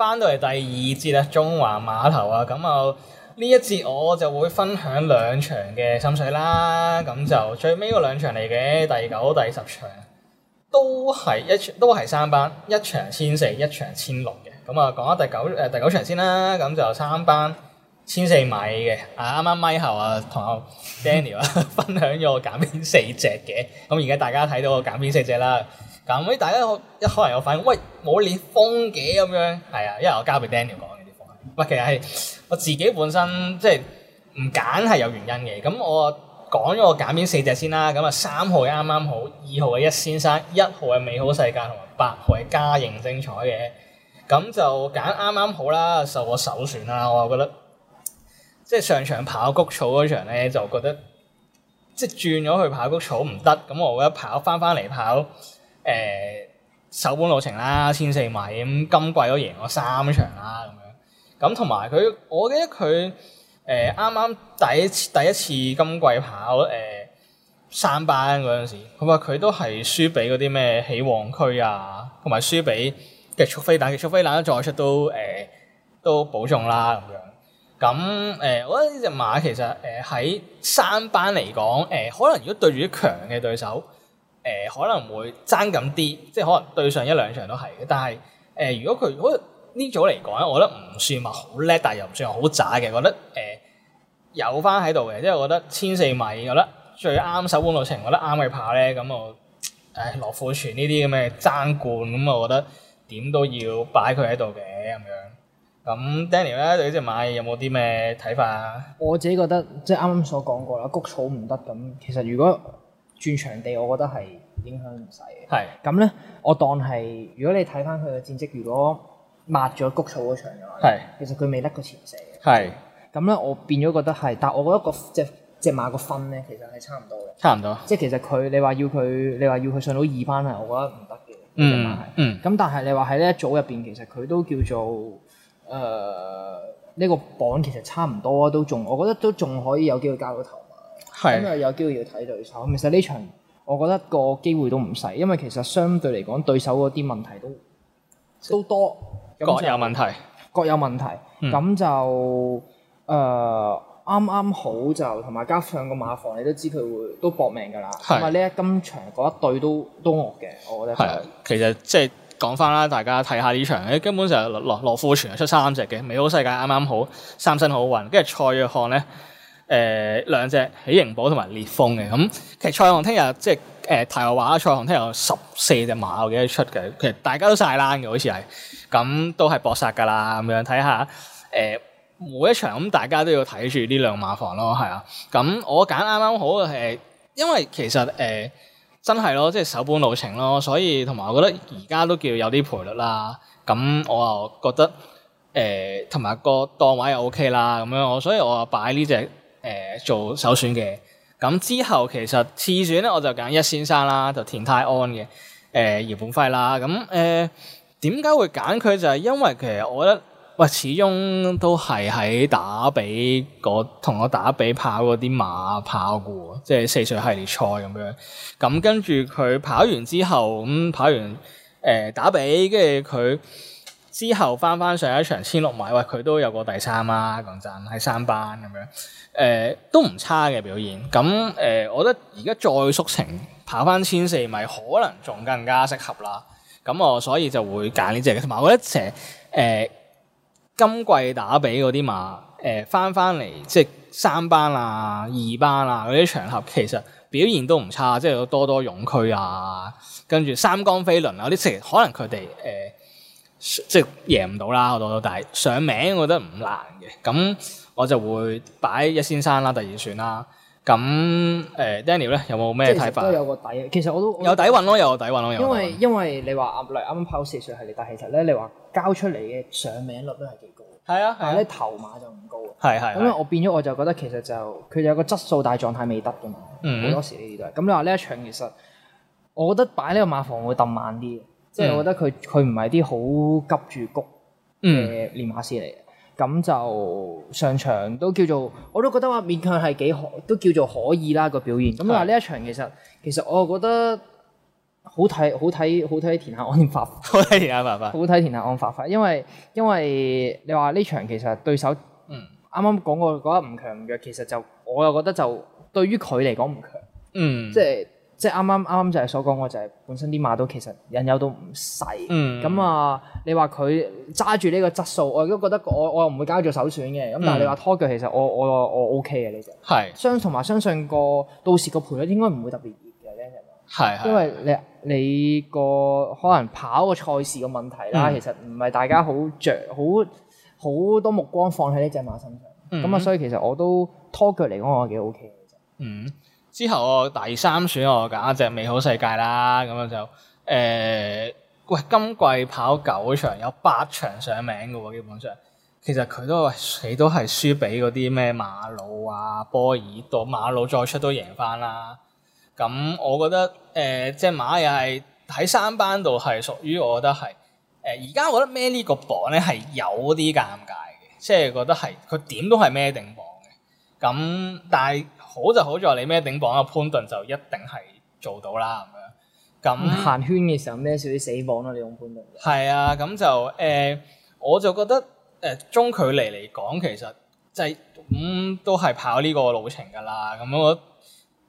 翻到嚟第二節啊，中環碼頭啊，咁啊呢一節我就會分享兩場嘅心水啦，咁就最尾嗰兩場嚟嘅第九、第十場都係一都係三班，一場千四，一場千六嘅，咁啊講下第九誒第九場先啦，咁就三班千四米嘅，啊啱啱咪後啊同我 Daniel 啊分享咗我減邊四隻嘅，咁而家大家睇到我減邊四隻啦。咁大家一開嚟，我反應，喂，冇你風嘅咁樣，係啊，因為我交俾 Daniel 講呢啲嘅。唔其實係我自己本身即係唔揀係有原因嘅。咁我講咗我揀邊四隻先啦。咁啊，三號啱啱好，二號係一先生，一號係美好世界同埋八號係家型精彩嘅。咁就揀啱啱好啦，受我首選啦。我覺得即係上場跑谷草嗰場咧，就覺得即係轉咗去跑谷草唔得。咁我覺得跑翻翻嚟跑。誒、呃、首本路程啦，千四米，咁今季都贏咗三場啦咁樣，咁同埋佢，我記得佢誒啱啱第一次，第一次今季跑誒、呃、三班嗰陣時，佢話佢都係輸俾嗰啲咩起旺區啊，同埋輸俾急速飛彈，急速飛彈再出都誒、呃、都保重啦咁樣。咁誒、呃，我覺得呢隻馬其實誒喺、呃、三班嚟講，誒、呃、可能如果對住啲強嘅對手，可能會爭咁啲，即係可能對上一兩場都係。但係誒、呃，如果佢如果呢組嚟講咧，我覺得唔算話好叻，但係又唔算話好渣嘅。覺呃、我覺得誒有翻喺度嘅，即係我，我覺得千四米，我覺得最啱手腕路程，我覺得啱嘅跑咧，咁我誒羅富全呢啲咁嘅爭冠，咁我覺得點都要擺佢喺度嘅咁樣。咁 Daniel 咧對呢隻馬有冇啲咩睇法啊？我自己覺得即係啱啱所講過啦，谷草唔得咁。其實如果轉場地，我覺得係。影響唔使嘅，咁咧是我當係如果你睇翻佢嘅戰績，如果抹咗谷草嗰場嘅話，是其實佢未甩過前四嘅。咁咧是，我變咗覺得係，但係我覺得、嗰個即隻馬個分咧，其實係差唔多嘅。差唔多，即係其實佢你話要佢，你話要佢上到二班啊，我覺得唔得嘅。嗯，咁但係你話喺呢一組入邊，其實佢都叫做誒呢、呃呢個榜其實差唔多啊，都仲我覺得都仲可以有機會交到頭馬。咁啊是，有機會要睇對手，其實呢場。我覺得個機會都唔細，因為其實相對嚟講，對手嗰啲問題都都多，各有問題，各有問題。咁、嗯、就誒啱啱好就，同埋加上個馬房，你都知佢會都搏命㗎啦。咁啊是，呢一金場嗰一隊都都惡嘅，我覺得、就是。係啊，其實即、就、係、是、講翻啦，大家睇下呢場，誒根本就羅羅富全出三隻嘅美好世界啱啱好三身好運，跟住蔡約翰咧。誒、嗯、兩隻喜盈寶同埋烈風嘅，咁，其實蔡鴻聽日即係誒題外話啦。蔡鴻聽日十四隻馬我記得出嘅？其實大家都晒欄嘅，好似係咁，都係搏殺㗎啦咁樣。睇下誒每一場咁、嗯，大家都要睇住呢兩馬房咯，係啊。咁、嗯、我揀啱啱好誒，因為其實誒、呃、真係咯，即係首本路程咯，所以同埋我覺得而家都叫有啲賠率啦。咁、嗯、我就覺得誒同埋個檔位又 OK 啦咁樣，所以我就擺呢隻誒、呃、做首選嘅，咁之後其實次選咧我就揀一先生啦，就田泰安嘅誒葉本輝啦，咁誒點解會揀佢就係、是、因為其實我覺得喂、呃、始終都係喺打比同我，我打比跑嗰啲馬跑嘅即係四歲系列賽咁樣，咁跟住佢跑完之後咁、嗯、跑完誒、呃、打比，跟住佢。之後翻翻上一場千六米喂，佢都有個第三啦、啊。講真，喺三班咁樣，誒、呃、都唔差嘅表現。咁、嗯、誒、呃，我覺得而家再縮程，跑翻千四米，可能仲更加適合啦。咁、嗯、我所以就會揀呢隻同埋我覺得成誒、呃、今季打比嗰啲馬，誒翻翻嚟即係三班啊、二班啊嗰啲場合，其實表現都唔差，即係多多勇區啊，跟住三江飛輪啊啲，其實可能佢哋誒。呃即係贏唔到啦，我到到但係上名我覺得唔難嘅。咁我就會擺一先生啦，第二選啦。咁誒、欸、Daniel 咧，有冇咩睇法？都有個底，其實我都有底蘊咯為，有個底蘊咯，有。因為底因為你話啱嚟啱啱跑四歲係你，但係其實咧你話交出嚟嘅上名率都係幾高？係啊，但係呢咧、啊、頭馬就唔高。係係、啊。咁、啊、我變咗我就覺得其實就佢有個質素，但係狀態未得嘅嘛。好、嗯、多時呢啲都係。咁你話呢一場其實，我覺得擺呢個馬房會揼慢啲。嗯、即係我覺得佢佢唔係啲好急住谷嘅練馬師嚟嘅，咁、嗯、就上場都叫做，我都覺得話勉強係幾可，都叫做可以啦個表現。咁是的 但係呢一場其實其實我覺得好睇好睇好睇田下安法法， 好睇田下安法好睇田下安法法因為因為你話呢場其實對手，嗯，啱啱講過嗰一唔強唔弱，其實就我又覺得就對於佢嚟講唔強，嗯、即係。即係啱啱啱啱就係所講，我就係本身啲馬都其實引誘到唔細，咁、嗯、啊，你話佢揸住呢個質素，我都覺得我我又唔會交做首選嘅。咁、嗯、但係你話拖腳，其實我我我 OK 嘅呢隻，是相同埋相信個到時個賠率應該唔會特別熱嘅呢啫，是是因為你你個可能跑個賽事個問題啦，嗯、其實唔係大家好着，好好多目光放喺呢隻馬身上，咁啊、嗯，所以其實我都拖腳嚟講、OK，我幾 OK 嘅。之後我第三選我揀一隻美好世界啦，咁樣就誒喂、呃、今季跑九場有八場上名嘅喎，基本上其實佢都佢都係輸俾嗰啲咩馬魯啊波爾多馬魯再出都贏返啦。咁我覺得誒、呃、即係隻馬又係喺三班度係屬於我覺得係誒而家我覺得孭呢個榜咧係有啲尷尬嘅，即係覺得係佢點都係孭定榜嘅。咁但係好就好在你咩頂榜嘅潘頓就一定係做到啦咁樣。咁行、嗯、那圈嘅時候咩少啲死榜咯，你用潘頓。係啊，咁就誒、呃，我就覺得誒、呃、中距離嚟講，其實就係、是、咁、嗯、都係跑呢個路程噶啦。咁我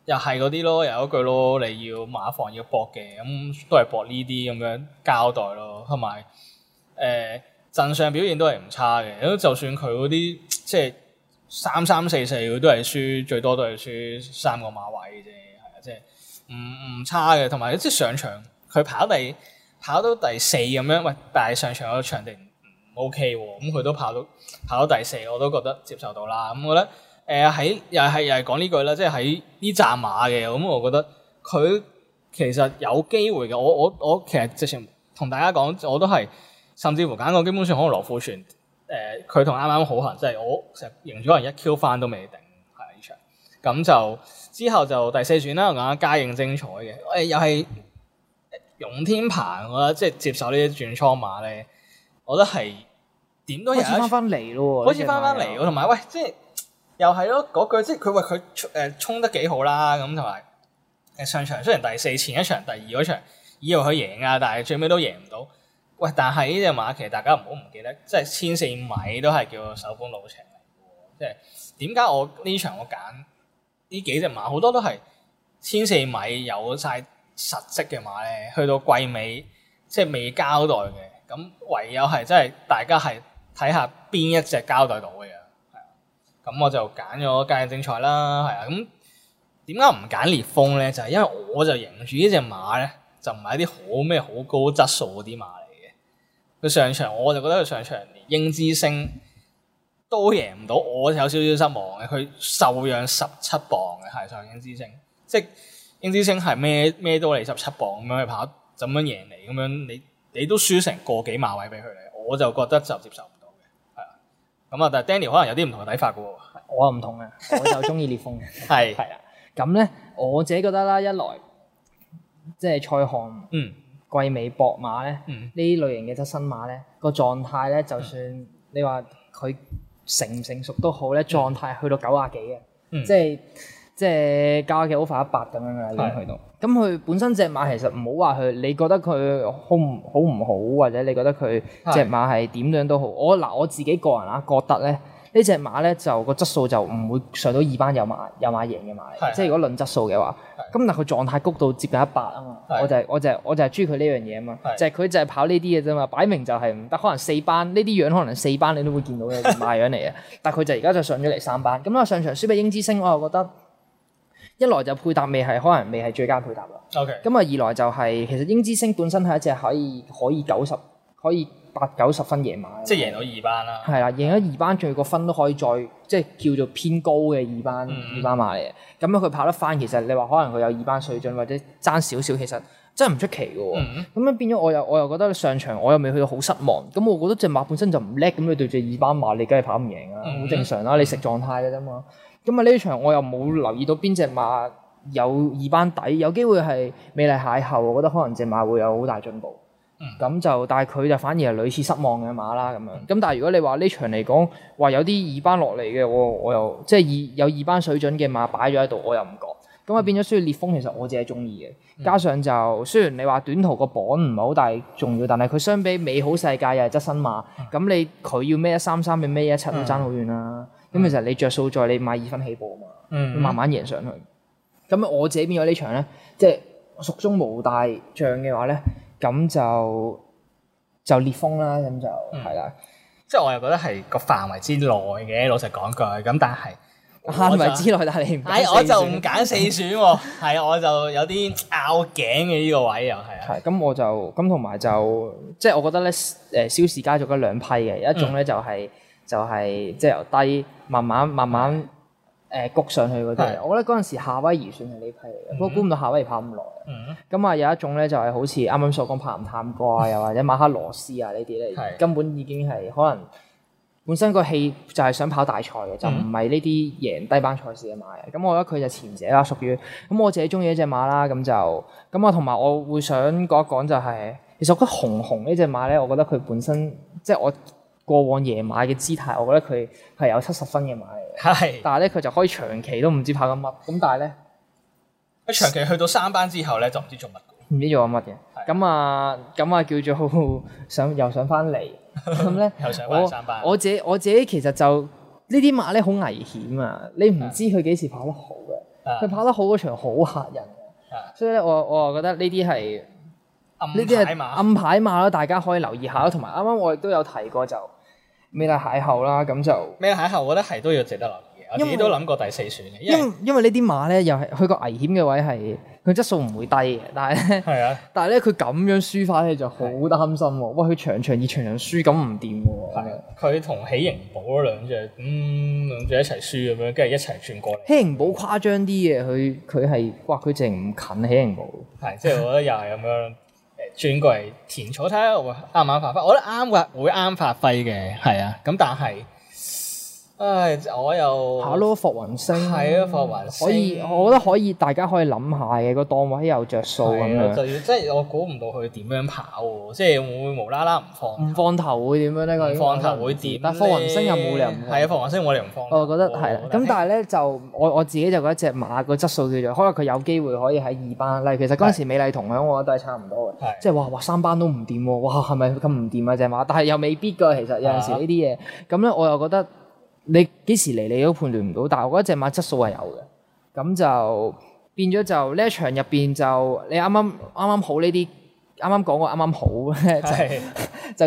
又係嗰啲咯，又一句咯，你要馬房要搏嘅，咁都係搏呢啲咁樣交代咯，同埋誒陣上表現都係唔差嘅。就算佢嗰啲即係。三三四四，佢都係輸，最多都係輸三個馬位啫，係啊，即係唔唔差嘅。同埋即係上場，佢跑到第跑到第四咁樣，喂，但係上場個場地唔 OK 喎，咁佢都跑到跑到第四，我都覺得接受到啦。咁我覺得誒喺又係又係講呢句啦，即係喺呢紮馬嘅，咁我覺得佢、呃、其實有機會嘅。我我我其實直情同大家講，我都係甚至乎揀個基本上可能羅富全。誒佢同啱啱好行，即係我成日贏咗，人一 Q 翻都未定喺呢場。咁就之後就第四轉我啱啱嘉應精彩嘅，誒、呃、又係勇、呃、天鵬，我覺得即係接受呢一轉倉馬咧，我覺得係點都又好似翻翻嚟咯，好似翻翻嚟，同埋喂即係又係咯嗰句，即係佢喂佢誒衝得幾好啦，咁同埋誒上場雖然第四前一場第二嗰場以為佢贏啊，但係最尾都贏唔到。喂，但係呢隻馬其實大家唔好唔記得，即係千四米都係叫手盤老程嚟喎。即係點解我呢場我揀呢幾隻馬，好多都係千四米有晒實績嘅馬咧，去到季尾即係未交代嘅。咁唯有係即係大家係睇下邊一隻交代到嘅。係啊，咁我就揀咗介正賽啦。係啊，咁點解唔揀烈風咧？就係、是、因為我就認住呢隻馬咧，就唔係一啲好咩好高質素嗰啲馬。佢上場，我就覺得佢上場，英之星都贏唔到，我有少少失望嘅。佢受讓十七磅嘅，係上英之星，即係英之星係孭孭多你十七磅咁去跑，怎樣贏你咁樣？你你都輸成個幾馬位俾佢嚟，我就覺得就接受唔到嘅，係啊。咁啊，但 Daniel 可能有啲唔同嘅睇法嘅喎。我唔同嘅， 我就中意烈風嘅。係啊，咁咧我自己覺得啦，一來即係賽項嗯。貴美博馬咧，呢類型嘅側身馬咧，個狀態咧，就算你話佢成唔成熟都好咧，狀態去到九十幾嘅，嗯、即係即係加幾好快一百咁樣啦，已經去到。咁佢本身隻馬其實唔好話佢，你覺得佢好唔好唔好，或者你覺得佢隻馬係點樣都好，是的 我嗱我自己個人啊覺得咧。隻呢隻馬咧就個質素就唔會上到二班有馬有馬贏嘅馬，是的 即係如果論質素嘅話，咁是的 但佢狀態谷到接近一百啊嘛是的 我、就是，我就係、是、我就係我就係中意佢呢樣嘢啊嘛，是的 就係、是、佢就係跑呢啲嘅啫嘛，擺明就係唔得，可能四班呢啲樣可能四班你都會見到嘅馬樣嚟嘅， 但佢就而家就上咗嚟三班，咁啊上場輸俾英之星，我又覺得一來就配搭未係可能未係最佳配搭啦，OK，咁啊二來就係、是、其實英之星本身係一隻可以可以九十可以。八九十分夜晚，即係贏咗二班啦。係啊，贏咗二班，仲要個分都可以再即係叫做偏高嘅二班、mm hmm. 二班馬嚟嘅。咁咧佢跑得翻，其實你話可能佢有二班水準或者爭少少，其實真係唔出奇嘅喎。咁、mm hmm. 樣變咗我又我又覺得上場我又未去到好失望。咁我覺得隻馬本身就唔叻，咁你對住二班馬，你梗係跑唔贏啦，好、mm hmm. 正常啦、啊，你食狀態嘅啫嘛。咁啊呢場我又冇留意到邊隻馬有二班底，有機會係美麗邂逅，我覺得可能隻馬會有好大進步。咁就，嗯、但係佢就反而係類似失望嘅馬啦咁樣。咁但係如果你話呢場嚟講，話有啲二班落嚟嘅，我我又即係二有二班水準嘅馬擺咗喺度，我又唔覺。咁啊變咗需要烈風，其實我自己中意嘅。加上就雖然你話短途個榜唔係好大重要，但係佢相比美好世界又係側身馬，咁、嗯、你佢要孭一三三，你孭一七都爭好遠啦。咁其實你着數再你買二分起步啊嘛，嗯、慢慢贏上去。咁我自己變咗呢場咧，即係蜀中冇大將嘅話咧。咁就就裂封啦，咁就係啦。嗯、的即係我又覺得係個範圍之內嘅，老實講句。咁但係範圍之內，但你唔，係我就唔揀就、啊、四選、啊。係 我就有啲拗頸嘅呢個位又係。係咁 我就咁同埋就、嗯、即係我覺得咧，誒蕭氏家族有兩批嘅，有一種咧就係、是嗯、就係即係由低慢慢慢慢。慢慢慢慢誒，谷、呃、上去嗰啲，是我覺得嗰陣時夏威夷算係呢批嚟嘅，mm hmm. 不過估唔到夏威夷跑咁耐。咁啊、mm，hmm. 有一種咧就係、是、好似啱啱所講，爬唔探過啊，又 或者馬克羅斯啊呢啲咧， 根本已經係可能本身個氣就係想跑大賽嘅，mm hmm. 就唔係呢啲贏低班賽事嘅馬。咁、mm hmm. 我覺得佢就前者啦，屬於。咁我自己鍾意一隻馬啦，咁就咁啊，同埋我會想講一講就係、是，其實我覺得紅紅呢隻馬咧，我覺得佢本身即係我過往夜馬嘅姿態，我覺得佢係有七十分嘅馬。係，是但係咧佢就可以長期都唔知跑緊乜，咁但係咧，喺長期去到三班之後咧就唔知做乜，唔知做緊乜嘅。咁是的 啊，咁啊叫做想又想翻嚟，咁咧，又想翻三 班我。我我自己我自己其實就呢啲馬咧好危險啊！你唔知佢幾時跑得好嘅，佢是的 跑得好嗰場好嚇人嘅，是的 所以咧我我啊覺得呢啲係呢啲係，暗牌馬咯，大家可以留意下同埋啱啱我亦都有提過就。美麗邂逅啦，咁就美麗邂逅，我覺得係都要值得留意嘅。我哋都諗過第四選嘅，因為因為，因為呢啲馬咧又係佢個危險嘅位係佢質素唔會低嘅，但係咧，係啊！但係咧，佢咁樣輸翻咧就好擔心喎。喂的，佢場場以場場輸咁唔掂嘅喎。係。佢同的喜盈寶嗰兩隻，嗯兩隻一齊輸咁樣，跟住一齊轉過嚟。喜盈寶誇張啲嘅，佢佢係哇佢淨係唔近喜盈寶。係，即係我覺得又係咁樣。轉過嚟填坐低，我啱唔啱發揮？我覺得啱㗎，會啱發揮嘅，係啊，咁但係。唉，我又嚇咯，霍雲星。係啊，霍雲星。可以，我覺得可以，大家可以諗下嘅個檔位有着數咁樣，即係我估唔到佢點樣跑喎，即係會無啦啦唔放唔放頭會點樣咧？個放頭會掂。但霍雲星又冇理由，係啊，霍雲星冇理由唔放。我覺得係啦，咁但係咧就我我自己就覺得隻馬個質素叫做，可能佢有機會可以喺二班，例如其實嗰陣時美麗同享，我覺得都係差唔多嘅，即係話哇，哇三班都唔掂喎，哇係咪咁唔掂啊隻馬？但係又未必噶，其實有陣時呢啲嘢，咁咧我又覺得。你幾時嚟你都判斷唔到，但係我覺得隻馬質素係有嘅，咁就變咗就呢一場入邊就你啱啱啱啱好呢啲，啱啱講過啱啱好咧， 就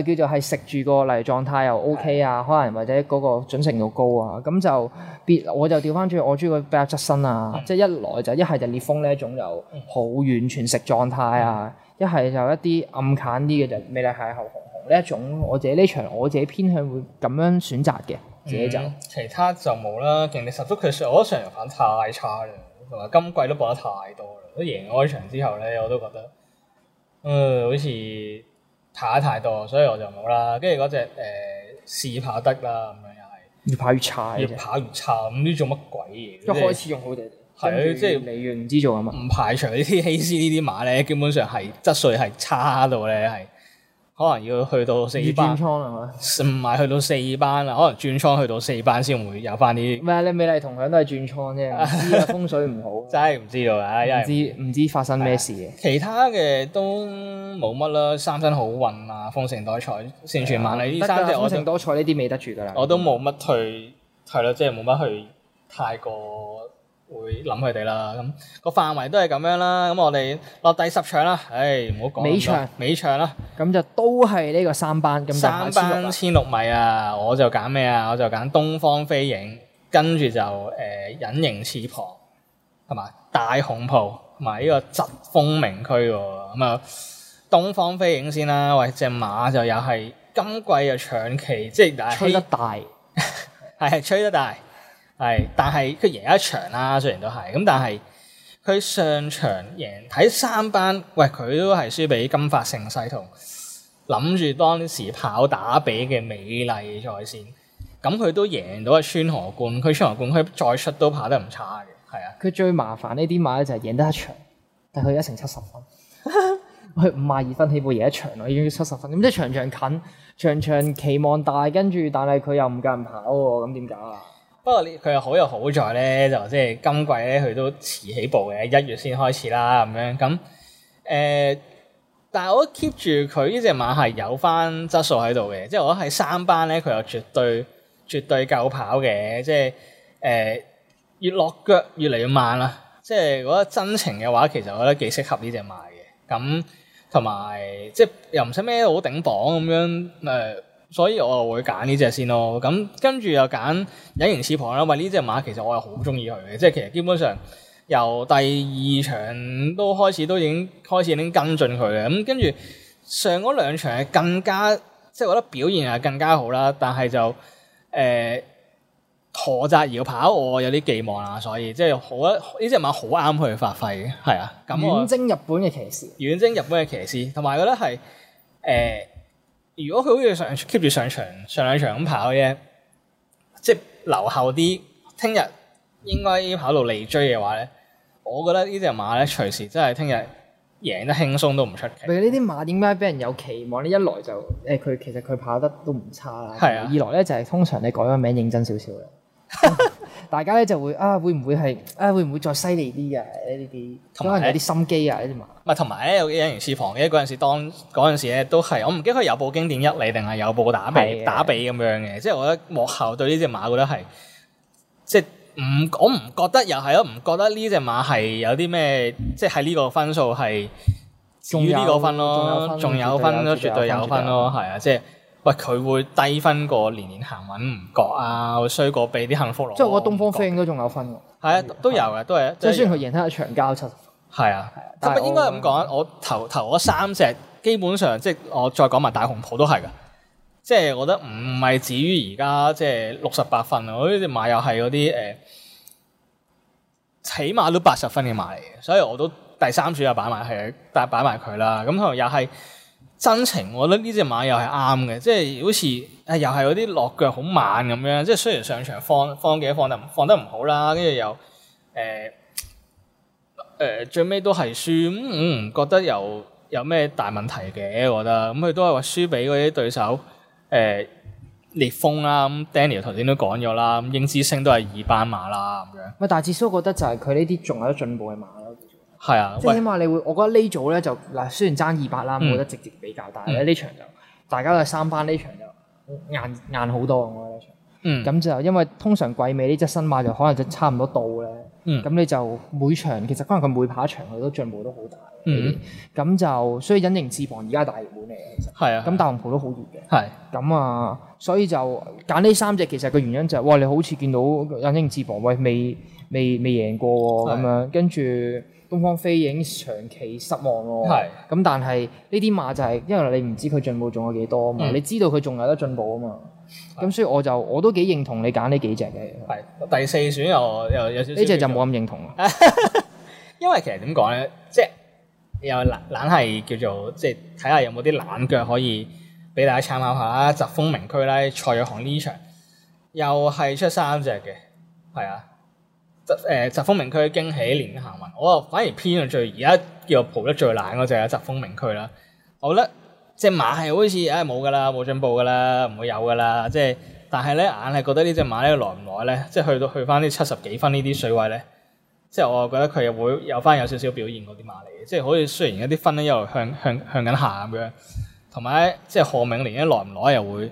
是 就叫做係食住個嚟狀態又 O、OK、K 啊，是可能或者嗰個準程度高啊，咁就別我就調翻轉我中意佢比較側身啊，即係、嗯、一來就一係就烈風呢一種就好完全食狀態啊，一係、嗯、就一啲暗淡啲嘅就美麗邂逅紅紅呢一種，我自己呢場我自己偏向會咁樣選擇嘅。自己走，嗯、其他就冇啦，勁力十足。佢上，我覺得上場反太差啦，同埋今季都播得太多啦。都贏開場之後咧，我都覺得，嗯，好似跑太多，所以我就冇啦。跟住嗰隻誒士帕德啦，咁、呃、樣又係越跑越差，越跑越差。咁呢做乜鬼嘢、啊？一開始用好哋，係啦是，即係未完，唔知做嘛。唔排除呢啲希斯呢啲馬咧，基本上係質素係差到咧係。可能要去到四班，唔係去到四班啦。可能轉倉去到四班先會有翻啲。唔係你美麗同享都係轉倉啫，只係 風水唔好。真係唔知道啊，一唔知唔知，知，知發生咩事。其他嘅都冇乜啦，三生好運啊，豐盛多彩，盛傳萬里。呢的三隻我，豐盛多彩呢啲未得住噶啦。我都冇乜去，係咯，即係冇乜去太過。會諗佢哋啦，咁、個範圍都係咁樣啦。咁我哋落第十場啦，唉、哎，唔好講。尾場，尾場啦，咁就都係呢個三班，咁就三班千六米啊。啊我就揀咩啊？我就揀東方飛影，跟住就誒隱、呃、形翅膀，同埋大紅袍，同埋呢個疾風明區。咁啊，就東方飛影先啦。喂，隻馬就又係今季嘅長期，即係但係吹得大，係 吹得大。係，但係佢贏一場啦，雖然都係咁，但係佢上場贏睇三班，喂，佢都係輸俾金發盛世同諗住當時跑打比嘅美麗在先，咁佢都贏到個川河冠，佢川河冠佢再出都跑得唔差嘅。係啊，佢最麻煩呢啲馬咧就係贏得一場，但佢一成七十分，佢五十二分起步贏一場，我已經七十分，咁即係場場近，場場期望大，跟住但係佢又唔夠人跑喎，咁點解啊？不過佢又好有好在咧，就即、是、係，今季咧佢都遲起步嘅，一月先開始啦咁樣咁。誒、呃，但係我都 keep 住佢呢隻馬係有翻質素喺度嘅，即係我喺三班咧，佢又絕對絕對夠跑嘅，即係誒、呃、越落腳越嚟越慢啦。即係如果真情嘅話，其實我覺得幾適合呢隻馬嘅。咁同埋即係又唔使咩好頂磅咁樣誒。所以我就會揀呢隻先咯，咁跟住又揀隱形翅膀啦，喂，呢隻馬其實我係好中意佢嘅，即係其實基本上由第二場都開始都已經開始已經跟進佢嘅，咁跟住上嗰兩場係更加即係我覺得表現係更加好啦，但係就誒、呃、陀扎而跑我有啲寄望啦，所以即係我覺得呢隻馬好啱佢發揮嘅，係啊，咁遠征日本嘅騎士，遠征日本嘅騎士，同埋我覺得係誒。呃如果佢好似上 keep 住上場上兩場咁跑嘅，即係留後啲，聽日應該跑到嚟追嘅話咧，我覺得呢隻馬咧隨時真係聽日贏得輕鬆都唔出奇。咪呢啲馬點解俾人有期望咧？一來就誒佢、欸、其實佢跑得都唔差啦，係啊、二來咧就係通常你改個名認真少少嘅。大家咧就會啊，會唔會係啊？會唔會再犀利啲啊？呢啲可能有啲心機啊，呢隻馬。唔係同埋咧有隱形翅膀嘅嗰陣時，當嗰陣時咧都係我唔記得佢有部經典一嚟定係有部打比打比咁樣嘅。即係我覺得幕後對呢隻馬，我覺得係即係唔我唔覺得又係咯，唔覺得呢隻馬係有啲咩，即係喺呢個分數係。仲有分咯，仲有分咯，絕對有分咯，係啊，即係。喂，佢會低分過年年行穩唔覺啊，會衰過俾啲幸福狼。即我覺得東方飛應該仲有分㗎。係啊，都有嘅，都係。即雖然佢贏得長交七十分。係啊，係啊歐。係係應該係咁講，嗯、我頭頭三隻，基本上即我再講埋大紅袍都係㗎。即我覺得唔唔係至於而家即六十八分，我啲馬又係嗰啲誒，起碼都八十分嘅馬嚟嘅，所以我都第三處又擺埋係擺擺埋佢啦。咁可能又係。真情，我覺得呢隻馬又係啱嘅，即係好似誒又係嗰啲落腳好慢咁樣，即係雖然上場放放幾多放得放得唔好啦，跟住又誒誒、欸呃、最尾都係輸，嗯，唔覺得又有咩大問題嘅？我覺得咁佢、嗯、都係話輸俾嗰啲對手誒、欸、烈風啦，咁、嗯、Daniel 頭先都講咗啦，咁英之星都係二班馬啦咁樣，喂，但係大致都覺得就係佢呢啲仲有進步嘅馬。係啊， 即係起碼你會，我覺得組呢組咧就嗱，雖然爭二百啦冇得直接比較，但係咧呢、這個、場就大家都係三班呢、這個、場就硬硬好多我覺得呢場，嗯，咁就因為通常季尾呢隻新馬就可能就差唔多到咧，咁、嗯、你就每場其實可能佢每跑一場佢都進步都好大，嗯，咁就所以隱形翅膀而家大熱門嚟嘅，其實係啊，咁、嗯、大紅袍都好熱嘅，係的，咁的啊，所以就揀呢三隻其實個原因就係、是、哇，你好似見到隱形翅膀，喂，未未未，未，未，未贏過喎咁樣，跟住。東方飛影已經長期失望咯，咁是但係呢啲馬就係，因為你唔知佢進步仲有幾多啊嘛，嗯、你知道佢仲有得進步啊嘛，咁是所以我就我都幾認同你揀呢幾隻嘅。係第四選又又有少少，呢隻就冇咁認同 因為其實點講咧，即係又懶懶係叫做，即係睇下有冇啲懶腳可以俾大家參考下。澤豐名駒咧，蔡約翰呢場又係出三隻嘅，係啊。誒疾風名區驚喜連行運，我反而偏向最而家叫蒲得最難嗰隻疾風名區啦。我覺得隻馬係好似啊冇㗎啦，冇、哎、進步㗎啦，唔會有㗎啦，就是。即係但係咧，硬係覺得呢隻馬咧來唔來咧？即係去到去翻啲七十幾分呢啲水位咧，即係我覺得佢又會有翻有少少表現嗰啲馬嚟嘅。即係好似雖然一啲分咧又向向向緊下咁樣，同埋即係賀銘年一來唔來又會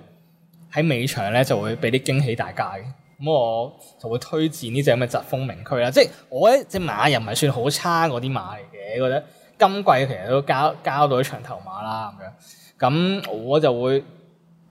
喺尾場咧就會俾啲驚喜大家嘅。咁我就會推薦呢隻咁嘅疾風名區啦，即係我咧隻馬又唔係算好差嗰啲馬嚟嘅，覺得今季其實都交交到一場頭馬啦咁樣。咁我就會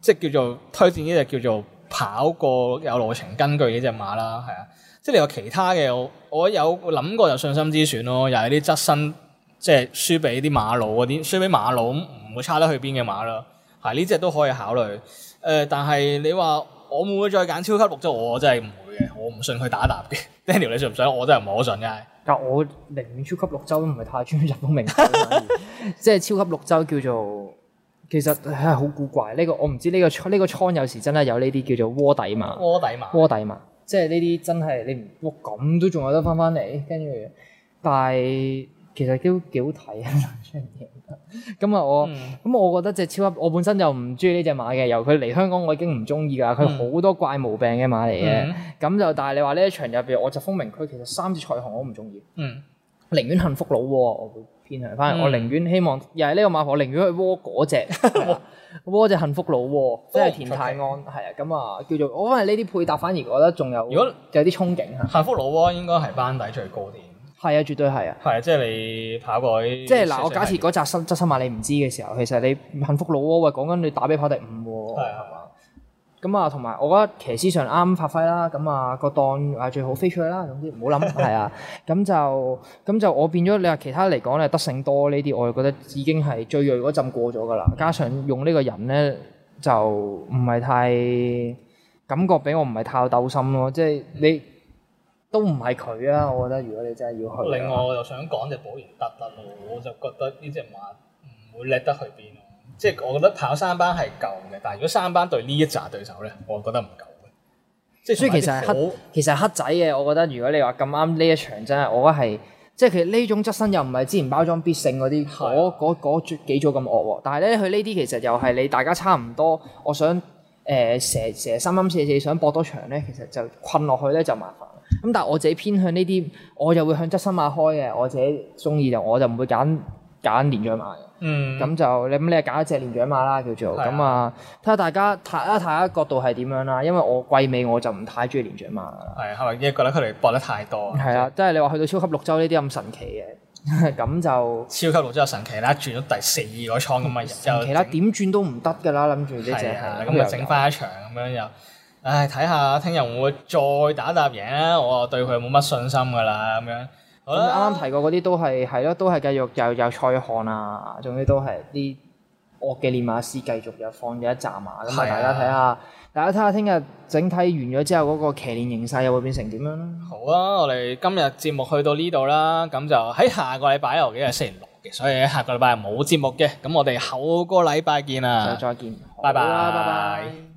即係叫做推薦呢隻叫做跑過有路程根據嘅隻馬啦，係啊。即係你有其他嘅，我有諗過就信心之選咯，又係啲側身即係輸俾啲馬佬嗰啲，輸俾馬佬唔會差得去邊嘅馬啦。係呢隻都可以考慮。誒、呃，但係你話。我唔會再揀超，超級綠洲，我真係唔會嘅，我唔信佢打撻嘅。Daniel，你信唔信？我真係唔係好信嘅。但我寧願超級綠洲都唔係太專入到名， 即係超級綠洲叫做其實係好、啊、古怪。呢、這個我唔知呢、這個呢、這個倉、這個、有時真係有呢啲叫做窩底馬，窩底馬，窩底馬。即係呢啲真係你，唔、哦，咁都仲有得翻翻嚟，跟住，但係。其實都幾好睇啊！兩張嘢，咁啊我，咁我覺得隻超級，我本身就唔中意呢隻馬嘅，由佢嚟香港我已經唔中意噶，佢好多怪毛病嘅馬嚟嘅，咁就但係你話呢一場入邊，我就分明佢其實三隻彩虹我唔中意，嗯，寧願幸福佬喎，我會偏向翻嚟，我寧願希望又係呢個馬，我寧願去窩嗰隻，窩隻幸福佬喎，即係田泰安係啊，咁啊叫做，我覺得呢啲配搭反而我覺得仲有，如果有啲憧憬，幸福佬應該係班底最高啲。係啊，絕對係啊！係啊，即係你跑過去是，即係嗱，我假設嗰扎新質新馬你唔知嘅時候，其實你幸福老窩、啊、喂，講緊你打吡跑第五喎。係啊，咁啊，同埋我覺得騎師上啱發揮啦，咁啊、個檔啊最好飛出去啦，總之唔好諗。係啊， 咁就咁就我變咗你話其他嚟講咧得勝多呢啲，我就覺得已經係最鋭嗰陣過咗㗎啦。加上用呢個人咧就唔係太感覺俾我唔係太有鬥心咯，即、就、係、是、你。都唔係佢啊！我覺得如果你真係要去，另外我又想講就保研得得咯，我就覺得呢隻馬唔會叻得去邊咯。即係我覺得跑三班係夠嘅，但係如果三班對呢一紮對手咧，我覺得唔夠。即係所以其實黑其實黑仔嘅，我覺得如果你話咁啱呢一場真係，我覺得係即係其實呢種質身又唔係之前包裝必勝嗰啲嗰嗰幾組咁惡喎。但係咧佢呢啲其實又係你大家差唔多，我想。誒成日成日，三三四四想搏多場咧，其實就困落去咧就麻煩。咁但係我自己偏向呢啲，我就會向側心馬開嘅。我自己中意，就我就唔會揀揀連長馬嗯，咁就你咁你係揀一隻連長馬啦叫做咁、嗯、那啊。睇下大家睇啊睇下角度係點樣啦。因為我季尾我就唔太中意連長馬。係係咪因為覺得佢哋搏得太多？係啊，即係你話去到超級綠洲呢啲咁神奇嘅。 咁 就超級六之後神奇啦，轉咗第四個倉咁奇啊！然後其他點轉都唔得㗎啦，諗住呢隻蝦咁又整翻一場咁有樣又，唉睇下聽日會唔會再打一盞贏啊？我啊對佢冇乜信心㗎啦咁樣。好啦，啱啱提過嗰啲都係係咯，都係繼續有有賽看啊，總之都係啲惡嘅練馬師繼續又放咗一閘馬啊，咁啊大家睇下。大家睇下，聽日整體完咗之後，嗰、嗰個騎練形勢又會變成點樣咧？好啊，我哋今日節目去到呢度啦，咁就喺、哎、下個禮拜我記得係星期六嘅，所以下個禮拜冇節目嘅，咁我哋後個禮拜見啊！再見，拜拜，啊、拜拜。拜拜。